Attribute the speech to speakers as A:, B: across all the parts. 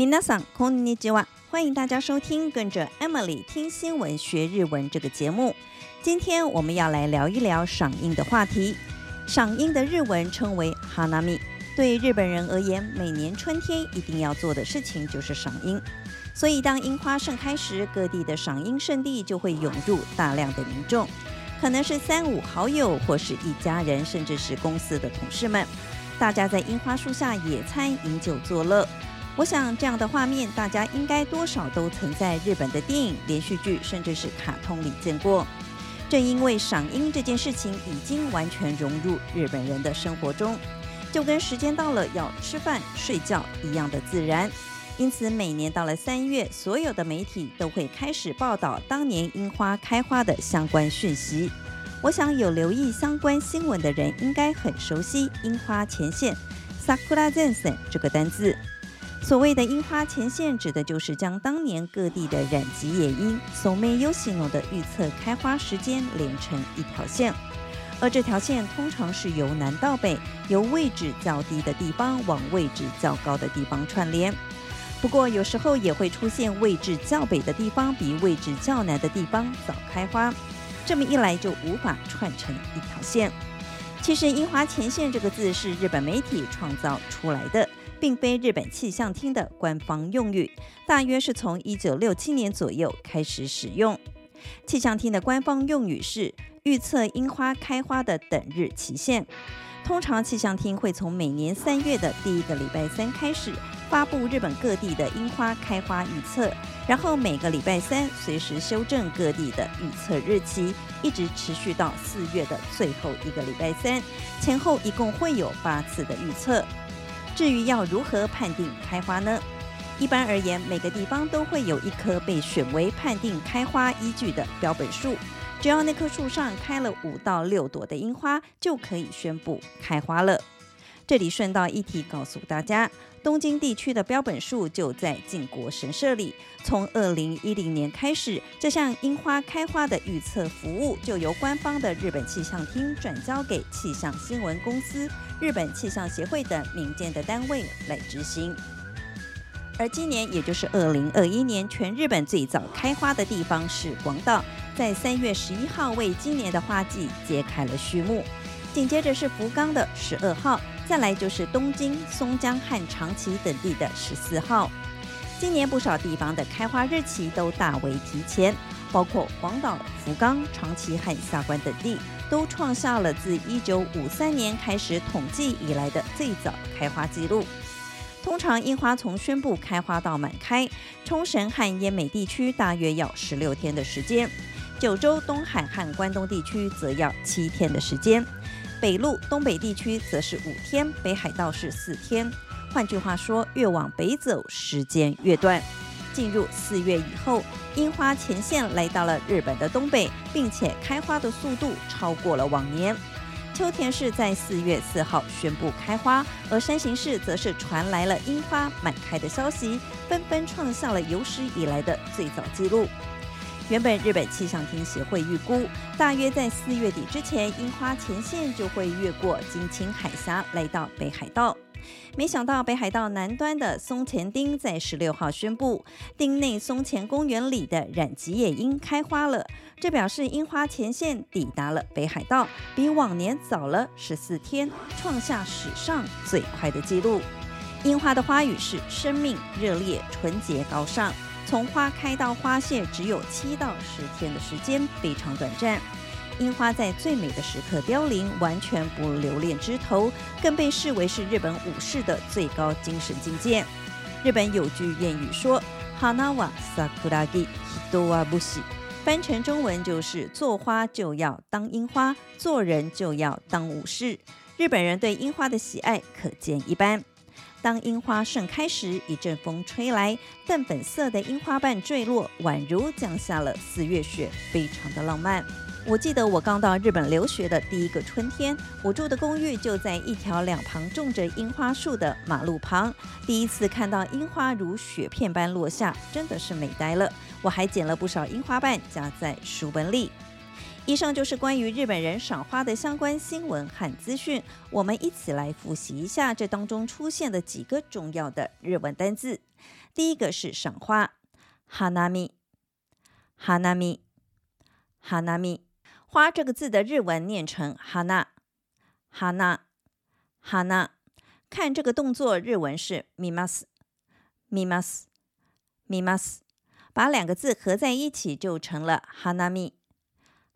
A: みなさんこんにちは。歡迎大家收聽跟着 Emily 聽新聞學日文這個節目。今天我們要來聊一聊賞櫻的話題。賞櫻的日文稱為哈娜米，對日本人而言，每年春天一定要做的事情就是賞櫻。所以當櫻花盛開時，各地的賞櫻聖地就會湧入大量的民眾，可能是三五好友，或是一家人，甚至是公司的同事們。大家在櫻花樹下野餐、飲酒作樂。我想，這樣的畫面，大家應該多少都曾在日本的電影、連續劇，甚至是卡通裡見過。正因為賞櫻這件事情已經完全融入日本人的生活中，就跟時間到了要吃飯、睡覺一樣的自然。因此，每年到了三月，所有的媒體都會開始報道當年櫻花開花的相關訊息。我想，有留意相關新聞的人，應該很熟悉“櫻花前線 ”（Sakura Zensen） 這個單字。所謂的櫻花前線，指的就是將當年各地的染井吉野櫻、松妹優希諾的預測開花時間連成一條線，而這條線通常是由南到北，由位置較低的地方往位置較高的地方串聯。不過，有時候也會出現位置較北的地方比位置較南的地方早開花，這麼一來就無法串成一條線。其實“櫻花前線”這個字是日本媒體創造出來的，並非日本氣象廳的官方用語，大約是從一九六七年左右開始使用。氣象廳的官方用語是預測櫻花開花的等日期限，通常氣象廳會從每年三月的第一個禮拜三開始。發布日本各地的櫻花開花預測，然後每個禮拜三隨時修正各地的預測日期，一直持續到四月的最後一個禮拜三前後，一共會有八次的預測。至於要如何判定開花呢？一般而言，每個地方都會有一棵被選為判定開花依據的標本樹，只要那棵樹上開了五到六朵的櫻花，就可以宣布開花了。這裡順道一提，告訴大家，東京地區的標本樹就在靖國神社裡。從二零一零年開始，這項櫻花開花的預測服務就由官方的日本氣象廳轉交給氣象新聞公司、日本氣象協會等民間的單位來執行。而今年，也就是二零二一年，全日本最早開花的地方是廣島，在三月十一號為今年的花季揭開了序幕。緊接着是福岡的十二號，再來就是東京、松江和長崎等地的十四號。今年不少地方的開花日期都大為提前，包括廣島、福岡、長崎和下關等地，都創下了自一九五三年開始統計以來的最早開花記錄。通常櫻花從宣布開花到滿開，沖繩和奄美地區大約要十六天的時間，九州、東海和關東地區則要七天的時間。北陸東北地區則是五天，北海道是四天。換句話說，越往北走，時間越短。進入四月以後，櫻花前線來到了日本的東北，並且開花的速度超過了往年。秋田市在四月四號宣布開花，而山形市則是傳來了櫻花滿開的消息，紛紛創下了有史以來的最早記錄。原本日本氣象廳協會預估，大約在四月底之前，櫻花前線就會越過津輕海峽來到北海道。沒想到北海道南端的松前町在十六號宣布，町內松前公園裡的染吉野櫻開花了，這表示櫻花前線抵達了北海道，比往年早了十四天，創下史上最快的紀錄。櫻花的花語是生命、熱烈、純潔、高尚。從花開到花謝只有七到十天的時間，非常短暫。櫻花在最美的時刻凋零，完全不留戀枝頭，更被視為是日本武士的最高精神境界。日本有句諺語說“花は櫻木人は武士”，翻成中文就是“做花就要當櫻花，做人就要當武士”。日本人對櫻花的喜愛可見一斑。當櫻花盛開時，一陣風吹來，淡粉色的櫻花瓣墜落，宛如降下了四月雪，非常的浪漫。我記得我剛到日本留學的第一個春天，我住的公寓就在一條兩旁種着櫻花樹的馬路旁，第一次看到櫻花如雪片般落下，真的是美呆了。我還撿了不少櫻花瓣夾在書本裡。以上就是關於日本人賞花的相關新聞和資訊。我們一起來複習一下這當中出現的幾個重要的日文單字，第一個是賞花 （hanami），hanami，hanami。花這個字的日文念成 hana，hana，hana。看這個動作，日文是 mimasu，mimasu，mimasu。把兩個字合在一起就成了 hanami。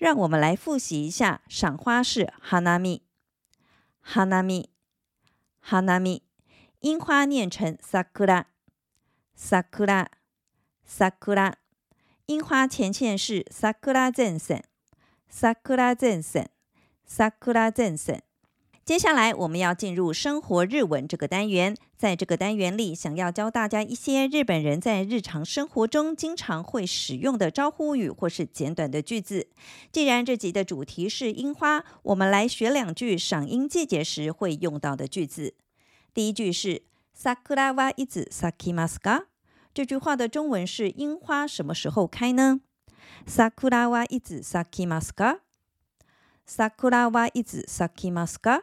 A: 讓我們來複習一下賞花是哈娜米，哈娜米，哈娜米，櫻花,花,花念成サクラ，サクラ，サクラ，櫻花前線是サクラ前線，サクラ前線，サクラ前線。接下來我們要進入生活日文這個單元，在這個單元裡，想要教大家一些日本人在日常生活中經常會使用的招呼語或是簡短的句子。既然這集的主題是櫻花，我們來學兩句賞櫻季節時會用到的句子。第一句是“サクラはいつ咲きますか？”這句話的中文是“櫻花什麼時候開呢？”“サクラはいつ咲きますか？”“サクラはいつ咲きますか？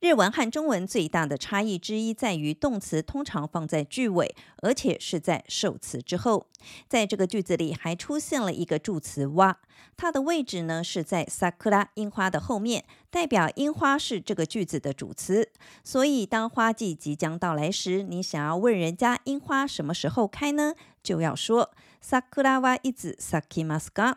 A: 日文和中文最大的差異之一在於動詞通常放在句尾，而且是在受詞之後。在這個句子裡還出現了一個助詞哇，它的位置呢是在 sakura 櫻花的後面，代表櫻花是這個句子的主詞。所以當花季即將到來時，你想要問人家櫻花什麼時候開呢，就要說 sakura wa いつ咲きますか？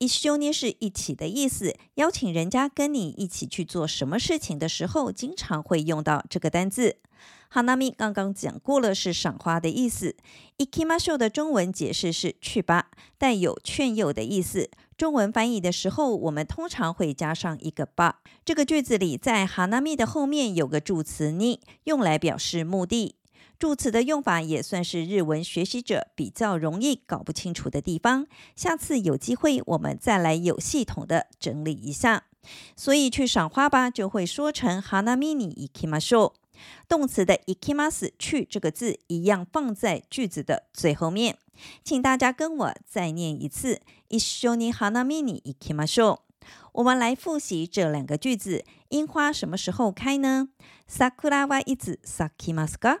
A: 一緒に是一起的意思，邀請人家跟你一起去做什麼事情的時候，經常會用到這個單字。花見剛剛講過了，是賞花的意思。いきましょ的中文解釋是去吧，帶有勸誘的意思。中文翻譯的時候，我們通常會加上一個吧。這個句子裡，在花見的後面有個助詞に，用來表示目的。助詞的用法也算是日文學習者比較容易搞不清楚的地方。下次有機會我們再來有系統的整理一下。所以去賞花吧，就會說成 hana mini ikimashou。動詞的 ikimasu 去這個字一樣放在句子的最後面。請大家跟我再念一次 isshoni hana mini ikimashou。我們來複習這兩個句子：櫻花什麼時候開呢？sakura wa いつ sakimasu か？